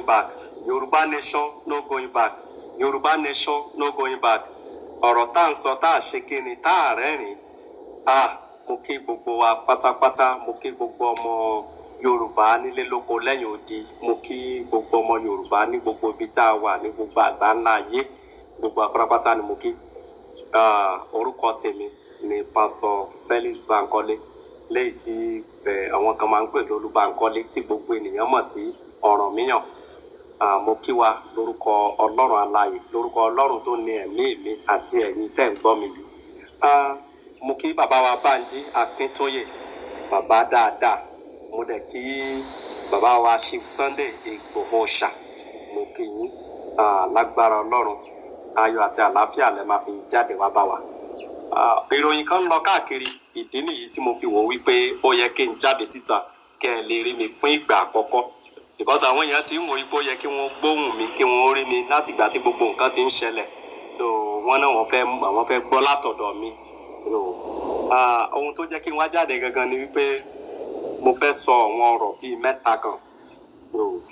going back yorùbá nation no going back yorùbá nation no going back ọ̀rọ̀ tá à ń sọ tá à ṣe kí ni tá à rẹ́rìn à mo kí gbogbo wa pátápátá mo kí gbogbo ọmọ yorùbá nílé lóko lẹ́yìn odi mo kí gbogbo ọmọ yorùbá ní gbogbo ibi tá a wà ní gbogbo àgbá ńlá ayé gbogbo àpárápátá ni mo kí orúkọ tèmi ni pastor Felix Bankole lẹ́yìn tí àwọn kan máa ń pè lólú Bankole tí gbogbo ènìyàn mọ̀ sí Ọ̀rànmíyàn mo kí wa lórúkọ ọlọ́run aláyè lórúkọ ọlọ́run tó ní ẹ̀mí mi àti ẹ̀yin tẹ́ ń gbọ́ mi yìí mo kí bàbá wa Bánjí Akíntóyè bàbá dáadáa mo dẹ̀ kí bàbá wa Chief Sunday Ìgbòho ṣà mo kí yín lágbára ọlọ́run ayọ̀ àti àlàáfíà lẹ máa fi jáde wá bá wa. ìròyìn kan ń lọ káàkiri ìdí nìyí tí mo fi wò wípé ó yẹ kí n jáde síta kẹ́ ẹ lè rí mi fún ìgbà àkọ́kọ́ because àwọn èèyàn ti ń wo ipò yẹ kí wọ́n gbóhùn mi kí wọ́n rí mi láti ìgbà tí gbogbo nǹkan ti ń ṣẹlẹ̀ so wọ́n náà wọ́n fẹ́ àwọn fẹ́ gbọ́ látọ̀dọ̀ mi so ohun tó jẹ́ kí wọ́n jáde gangan ni wípé mo fẹ́ sọ àwọn ọ̀rọ̀ bíi mẹ́ta kan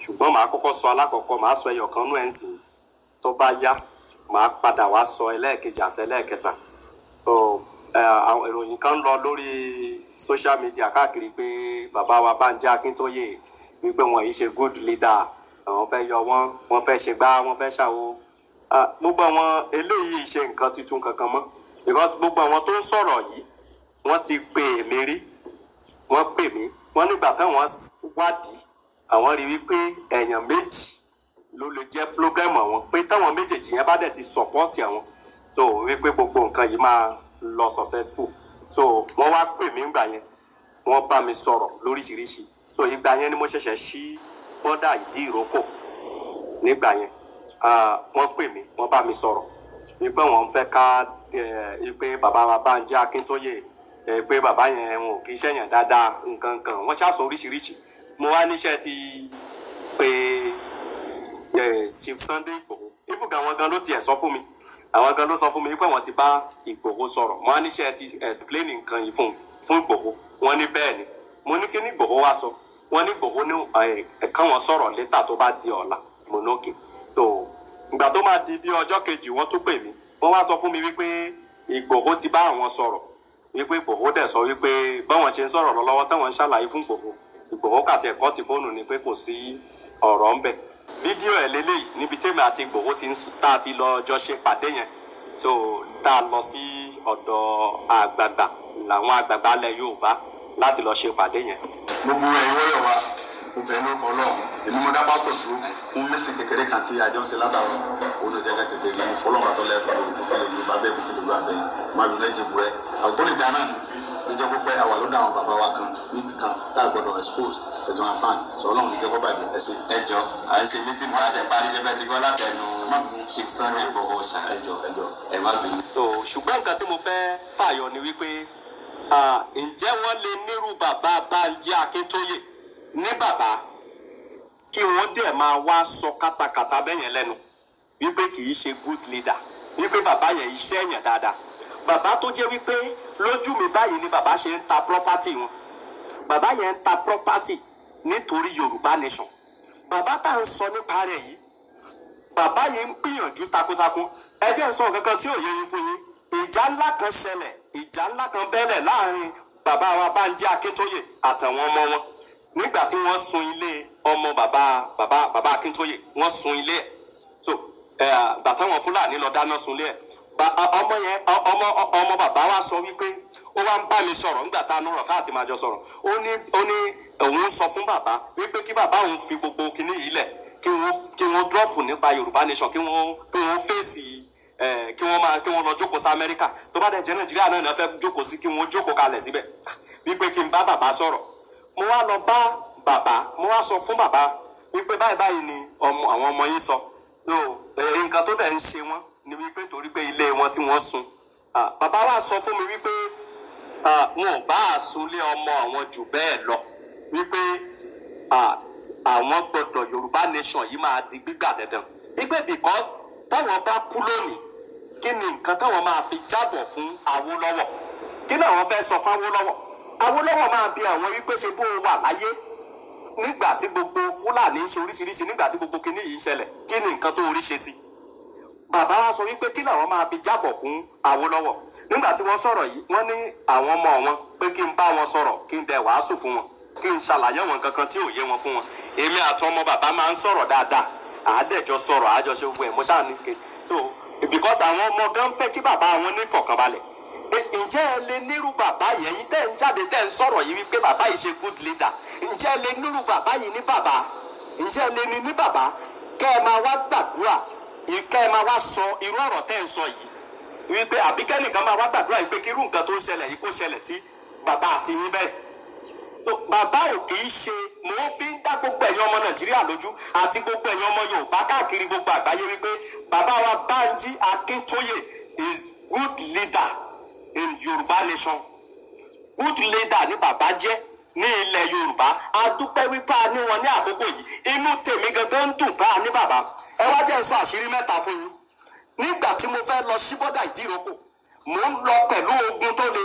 ṣùgbọ́n màá kọ́kọ́ sọ alákọ̀ọ́kọ́ màá sọ ẹyọ kan nú ẹ̀ tó bá yá màá padà wá sọ ẹlẹ́ẹ̀kejì àtẹlẹ́ẹ̀kẹta so ìròyìn kan lọ lórí wípé wọn yìí ṣe good leader àwọn fẹ́ yọ wọn wọn fẹ́ ṣe gbá wọn fẹ́ ṣàwo gbogbo àwọn eléyìí ṣe nǹkan tuntun kankan mọ́ because gbogbo àwọn tó ń sọ̀rọ̀ yìí wọ́n ti pè mí rí wọ́n pè mí wọ́n nígbà táwọn wádìí àwọn rí wípé èèyàn méjì ló lè jẹ́ problem àwọn pé táwọn méjèèjì yẹn bá dẹ̀ ti support àwọn so wípé gbogbo nǹkan yìí máa lọ successful so wọ́n wá pè mí ńgbà yẹn wọ́n bá mi sọ̀rọ̀ lóríṣiríṣi so ìgbà yẹn ni mo ṣẹ̀ṣẹ̀ ṣí bọ́dà ìdí ìrókò nígbà yẹn wọ́n pè mí wọ́n bá mi sọ̀rọ̀ wípé wọ́n fẹ́ ká wípé bàbá wa Bánjí Akíntóyè pé bàbá yẹn wọn ò kì í ṣẹ̀yàn dáadáa nǹkan kan wọ́n ṣàṣọ oríṣiríṣi mo wá níṣẹ́ ti pé Chief Sunday Igboho ìfúgà wọn gan ló tiẹ̀ sọ fún mi àwọn gan ló sọ fún mi pé wọ́n ti bá Ìgbòho sọ̀rọ̀ mo wá níṣẹ́ ti explain nǹkan yìí fún fún Ìgbòho wọ́n ní bẹ́ẹ̀ ni mo ní kí ní Ìgbòho wá sọ wọ́n ní gbòho ní káwọn sọ̀rọ̀ létà tó bá di ọ̀la mọ̀nọ́kì tó ìgbà tó máa di bí ọjọ́ kejì wọ́n tún pè mí wọ́n wá sọ fún mi wípé ìgbòho ti bá àwọn sọ̀rọ̀ wípé gbòho dẹ̀ sọ wípé báwọn ṣe ń sọ̀rọ̀ lọ́wọ́ táwọn ń ṣàlàyé fún gbòho gbòho kàtí ẹ̀kọ́ ti fóònù ni pé kò sí ọ̀rọ̀ ń bẹ̀ fídíò ẹ̀ lélẹ́yìí níbi tèmi àti gbòho ti ń tá a ti lọ jọ ṣe pàdé yẹn so tá a lọ sí ọ̀dọ̀ àgbààgbà làwọn àgbààgbà alẹ́ Yorùbá láti lọ ṣe ìpàdé yẹn. gbogbo ẹ̀yin ọ̀rẹ́ wa ọbẹ̀ inú kan náà èmi mo dá pásítọ̀ dúró fún mẹ́sì kékeré kan tí àjọ ń ṣe látàwọn òun ìjẹ́ ká tètè yìí mo fọlọ́ ọ̀gá tó lẹ́ẹ̀kan ló fi lè yorùbá bẹ́ẹ̀ fi lè lu abẹ́ yìí máa lù lẹ́jì búrẹ́ àgbọ̀n lè dáná ni ló jẹ́ pé àwa ló dá àwọn bàbá wa kan níbi kan tá a gbọ́dọ̀ expose ṣètìmọ̀ afán sọ ọlọ́run ní jẹ́kọ́ bàjẹ́ ẹ ṣe. ẹ jọ à ń ṣe mítí mo ṣe parí ṣe bẹ́ẹ̀ ti gbọ́ látẹnu ṣìṣàn ẹ̀ bọ̀ ọ̀ṣà ẹ jọ ẹ má bínú. ṣùgbọ́n nǹkan tí mo fẹ́ fàyọ ni wípé ǹjẹ́ wọ́n lè nírú bàbá Bánjí Akíntóyè ní bàbá kí wọ́n dẹ̀ máa wá sọ kátàkátà bẹ́yẹn lẹ́nu wípé kì í ṣe good leader wípé bàbá yẹn iṣẹ́ èèyàn dáadáa bàbá tó jẹ́ wípé lójú mi báyìí ni bàbá ṣe ń ta property wọn bàbá yẹn ń ta property nítorí Yorùbá nation bàbá tá à ń sọ nípa rẹ̀ yìí bàbá yìí ń gbìyànjú takuntakun ẹ jẹ́ n sọ nǹkan kan tí ò yẹ yín fún yín ìjà ńlá kan ṣẹlẹ̀ ìjà ńlá kan bẹ́lẹ̀ láàrin bàbá wa Bánjí Akíntóyè àtàwọn ọmọ wọn nígbà tí wọ́n sun ilé ọmọ bàbá bàbá bàbá Akíntóyè wọ́n sun ilé ẹ̀ so bàtàwọn Fúlàní lọ dáná sunlé ẹ̀ ọmọ yẹn ọmọ ọmọ bàbá wa sọ wípé ó wá ń bá mi sọ̀rọ̀ nígbà tá a nú rọ̀fà àti màjọ sọ̀rọ̀ ó ní ó ní òun sọ fún bàbá wípé kí bàbá òun fi gbogbo kinní lẹ̀ kí wọ́n kí wọ́n dúrọ́pù nípa Yorùbá nation kí wọ́n kí wọ́n fèsì yìí kí wọ́n máa kí wọ́n lọ jókòó sí amẹ́ríkà tó bá dẹ̀ jẹ́ nàìjíríà náà náà fẹ́ jókòó sí kí wọ́n jókòó kalẹ̀ síbẹ̀ wípé kí n bá bàbá sọ̀rọ̀ mo wá lọ bá bàbá mo wá sọ fún bàbá wípé báyìí báyìí ni àwọn ọmọ yín sọ nǹkan tó dẹ̀ ń ṣe wọ́n ni wípé torí pé ilé wọn tí wọ́n sun bàbá wa sọ fún mi wípé wọn ò bá àsunlé ọmọ àwọn jù bẹ́ẹ̀ lọ wípé àwọn gbọdọ̀ yorùbá nation yìí máa di gbígbà dandan wípé because táwọn bá kú lónìí kí ni nǹkan táwọn máa fi jábọ̀ fún Awólọ́wọ̀ kí ni àwọn fẹ́ sọ fún Awólọ́wọ̀ Awólọ́wọ̀ máa bi àwọn wípé ṣe bó wà láyé nígbà tí gbogbo Fúlàní ṣe oríṣiríṣi nígbà tí gbogbo kinní yìí ṣẹlẹ̀ kí ni nǹkan tó orí ṣe sí bàbá wa sọ wípé kí làwọn máa fi jábọ̀ fún Awólọ́wọ̀ nígbà tí wọ́n sọ̀rọ̀ yìí wọ́n ní àwọn ọmọ wọn pé kí n bá wọn sọ̀rọ̀ kí n dẹ wàásù fún wọn kí n ṣàlàyé wọn kankan tí ò yé wọn fún wọn èmi àtọmọ bàbá máa ń sọ̀rọ̀ dáadáa àádẹ́jọ sọ̀rọ̀ àjọṣe gbogbo ẹ mo ṣáà ní ké so because àwọn ọmọ gan fẹ kí bàbá wọn ní ìfọ̀kànbalẹ̀ ǹjẹ́ ẹ lè nírú bàbá yìí ẹ̀yin tẹ́ ń jáde tẹ́ ń sọ̀rọ̀ yìí wípé bàbá yìí ṣe good leader ǹjẹ́ ẹ lè nírú bàbá yìí ní bàbá ǹjẹ́ ẹ lè ní ní bàbá kẹ́ ẹ máa wá gbàdúrà kẹ́ ẹ máa wá sọ irú ọ̀rọ̀ tẹ́ ń sọ yìí wípé àbí kẹ́nìkan máa wá gbàdúrà wípé kí irú nǹkan tó ń ṣẹlẹ̀ yìí kó ṣẹlẹ̀ sí bàbá àti yín bẹ́ẹ̀ bàbá ò kì í ṣe mò ń fi ń dá gbogbo ẹ̀yin ọmọ nàìjíríà lójú àti gbogbo ẹ̀yin ọmọ yorùbá káàkiri gbogbo àgbáyé wípé bàbá wa Bánjí Akíntóyè is good leader in yorùbá nation good leader ni bàbá jẹ́ ní ilẹ̀ yorùbá a dúpẹ́ wípé a ní wọn ní àkókò yìí inú tèmi gan ń dùn bá a ní bàbá ẹ wá jẹ́ sọ àṣírí mẹ́ta fún yín nígbà tí mo fẹ́ lọ sí bọ́dà ìdíròkò mò ń lọ pẹ̀lú ogun tó le